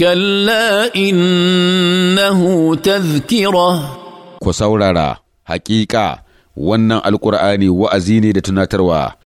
كلا إنه تذكرة كسورارا حقيقة وانا القرآن وأزيني لتناتروا